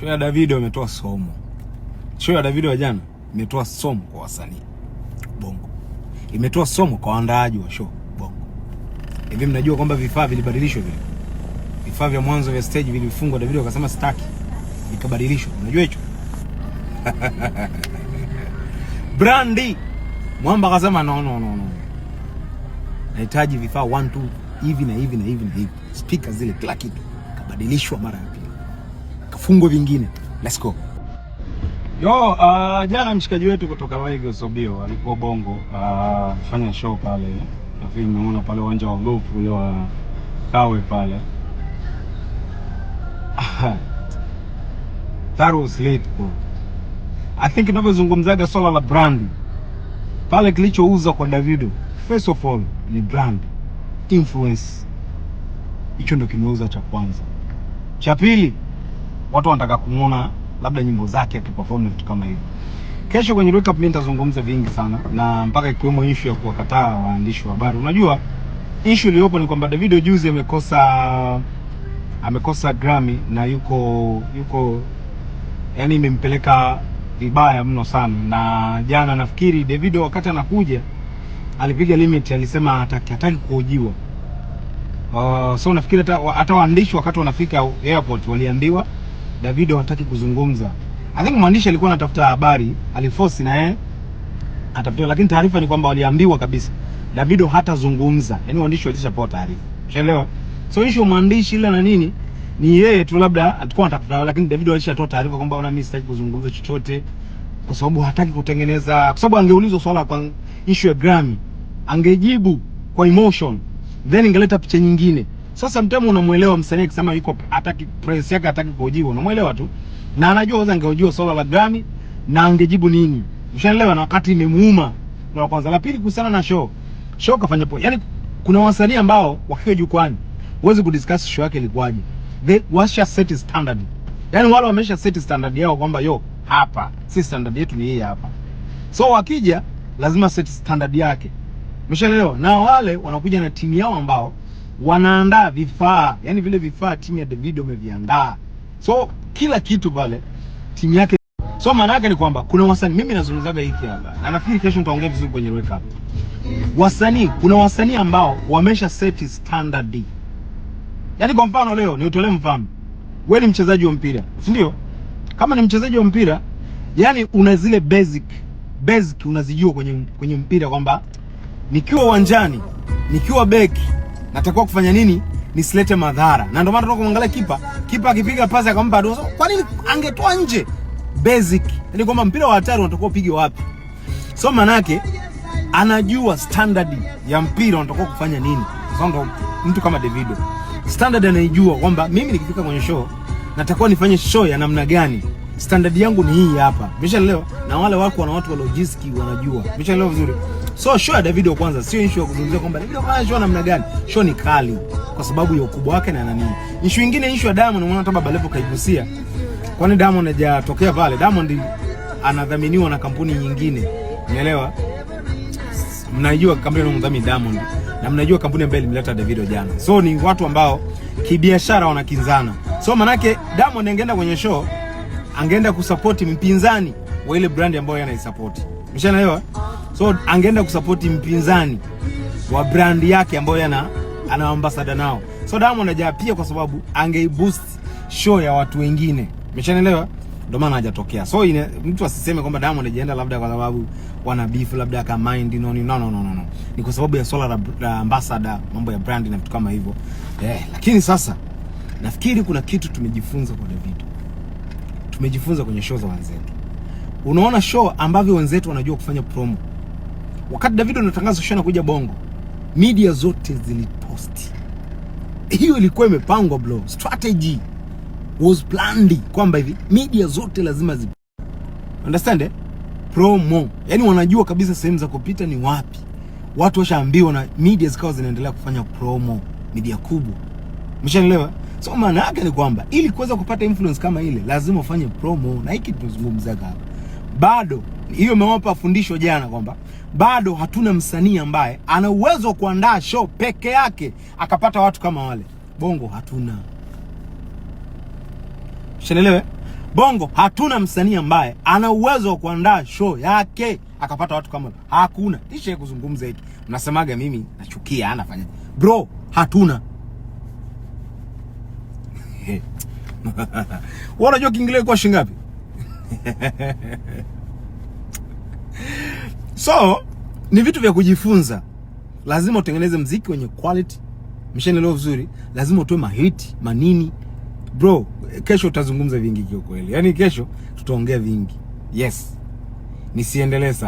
Show ya Davido imetoa somo. Show ya Davido ya jana imetoa somo kwa wasanii Bongo, imetoa somo kwa waandaaji wa show Bongo. Hivi mnajua kwamba vifaa vilibadilishwa vile? Vifaa vya mwanzo vya stage vilifungwa, Davido akasema sitaki, vikabadilishwa. Unajua hicho Brandi Mwamba akasema no, no, no, no. Nahitaji vifaa 1 2 hivi na hivi na hivi na hivi, speaker zile, kila kitu kabadilishwa mara ya pili vifungo vingine. Let's go. Yo, uh, jana mshikaji wetu kutoka Waigo Sobio alikuwa Bongo uh, ah, fanya show pale, nafikiri nimeona pale uwanja wa gofu ule wa Kawe pale I think inavyozungumzaga swala la brand pale, kilichouza kwa Davido first of all ni brand influence. Hicho ndo kimeuza cha kwanza. Cha pili watu wanataka kumuona labda nyimbo zake akiperform na vitu kama hivyo. Kesho kwenye wake up mimi nitazungumza vingi sana na mpaka ikiwemo issue ya kuwakataa waandishi wa habari. Unajua issue iliyopo ni kwamba Davido juzi amekosa amekosa Grammy na yuko yuko yani imempeleka vibaya mno sana, na jana nafikiri Davido wakati anakuja alipiga limit, alisema hataki hataki kuojiwa. Uh, so nafikiri hata waandishi wakati wanafika airport waliambiwa Davido hataki kuzungumza. I think mwandishi alikuwa anatafuta habari, aliforce na yeye atafuta, lakini taarifa ni kwamba waliambiwa kabisa Davido hatazungumza. Yaani waandishi walishapata taarifa. Unaelewa? So issue mwandishi ile na nini ni yeye tu labda atakuwa anatafuta, lakini Davido alishatoa taarifa kwamba ana mimi sitaki kuzungumza chochote kwa sababu hataki kutengeneza, kwa sababu angeulizwa swala kwa issue ya Grammy angejibu kwa emotion then ingeleta picha nyingine sasa mtamu unamuelewa msanii akisema yuko hataki press yake hataki kujibu, unamuelewa tu. Na anajua wewe angeujua swala la Grammy na angejibu nini. Ushaelewa na wakati imemuuma. Na kwanza la pili kuhusiana na show. Show kafanya poa. Yani kuna wasanii ambao wakiwa jukwani huwezi kudiscuss show yake ilikuwaje. They washa set standard. Yani wale wamesha set standard yao kwamba yo hapa si standard yetu ni hii hapa. So wakija lazima set standard yake. Umeshaelewa? Na wale wanakuja na timu yao ambao wanaandaa vifaa, yani vile vifaa timu ya Davido wameviandaa, so kila kitu pale timu yake. So maana yake ni kwamba kuna wasanii, mimi nazungumzaga hiki hapa na nafikiri kesho nitaongea vizuri kwenye wake up. Wasanii, kuna wasanii ambao wamesha set standard, yani kwa mfano leo ni utolee mfano, wewe ni mchezaji wa mpira, si ndio? Kama ni mchezaji wa mpira, yani una zile basic basic unazijua kwenye kwenye mpira kwamba nikiwa uwanjani, nikiwa beki natakiwa kufanya nini nisilete madhara, na ndio maana kuangalia kipa. Kipa akipiga pasi akampa dozo, kwa nini angetoa nje? Basic ni yaani kwamba mpira wa hatari unatakiwa upige wapi. So manake anajua standard ya mpira unatakiwa kufanya nini. Sasa mtu kama Davido standard anaijua kwamba mimi nikifika kwenye show natakiwa nifanye show ya namna gani standard yangu ni hii hapa, umeshaelewa? Na wale wako na watu wa logistics wanajua, umeshaelewa vizuri. So show ya Davido kwanza sio issue ya kuzungumzia kwamba Davido kwanza show namna gani. Show ni kali kwa sababu ya ukubwa wake na nani. Issue nyingine, issue ya Diamond, unaona hata Baba Levo kaigusia. Kwani Diamond hajatokea pale? Diamond anadhaminiwa na kampuni nyingine. Unaelewa? Mnajua kampuni inayomdhamini Diamond na mnajua kampuni ambayo ilimleta Davido jana. So ni watu ambao kibiashara wanakinzana. So manake Diamond angeenda kwenye show angeenda kusapoti mpinzani wa ile brand ambayo anaisapoti. mshanaelewa? So angeenda kusapoti mpinzani wa brand yake ambayo yana ana ambasada nao. So Diamond pia kwa sababu angeiboost show ya watu wengine. mshanaelewa? Ndio maana hajatokea. So ine, mtu asiseme kwamba Diamond hajaenda labda kwa sababu wana beef labda aka mind no, no, no, no, no. Ni kwa sababu ya swala la, la ambassador, mambo ya brand na vitu kama hivyo. Eh, lakini sasa nafikiri kuna kitu tumejifunza kwa Davido tumejifunza kwenye show za wenzetu. Unaona show ambavyo wenzetu wanajua kufanya promo. Wakati Davido anatangaza show anakuja Bongo, media zote ziliposti. Hiyo ilikuwa imepangwa bro, strategy was planned kwamba hivi media zote lazima zi understand eh? promo. Yaani wanajua kabisa sehemu za kupita ni wapi. Watu washaambiwa na media zikawa zinaendelea kufanya promo, media kubwa. Mshaelewa? So maana yake ni kwamba ili kuweza kupata influence kama ile lazima ufanye promo, na hiki tunazungumzaga hapa bado. Hiyo imewapa fundisho jana kwamba bado hatuna msanii ambaye ana uwezo wa kuandaa show peke yake akapata watu kama wale. Bongo hatuna, shenelewe. Bongo hatuna msanii ambaye ana uwezo wa kuandaa show yake akapata watu kama hakuna. Tisha kuzungumza hiki, mnasemaga mimi nachukia, anafanya bro, hatuna wewe unajua Kiingereza kwa shilingi ngapi? So ni vitu vya kujifunza. Lazima utengeneze mziki wenye quality. Mshanielewa vizuri, lazima utoe mahiti manini. Bro, kesho utazungumza vingi kwa kweli. Yaani kesho tutaongea vingi. Yes. Nisiendelee sana.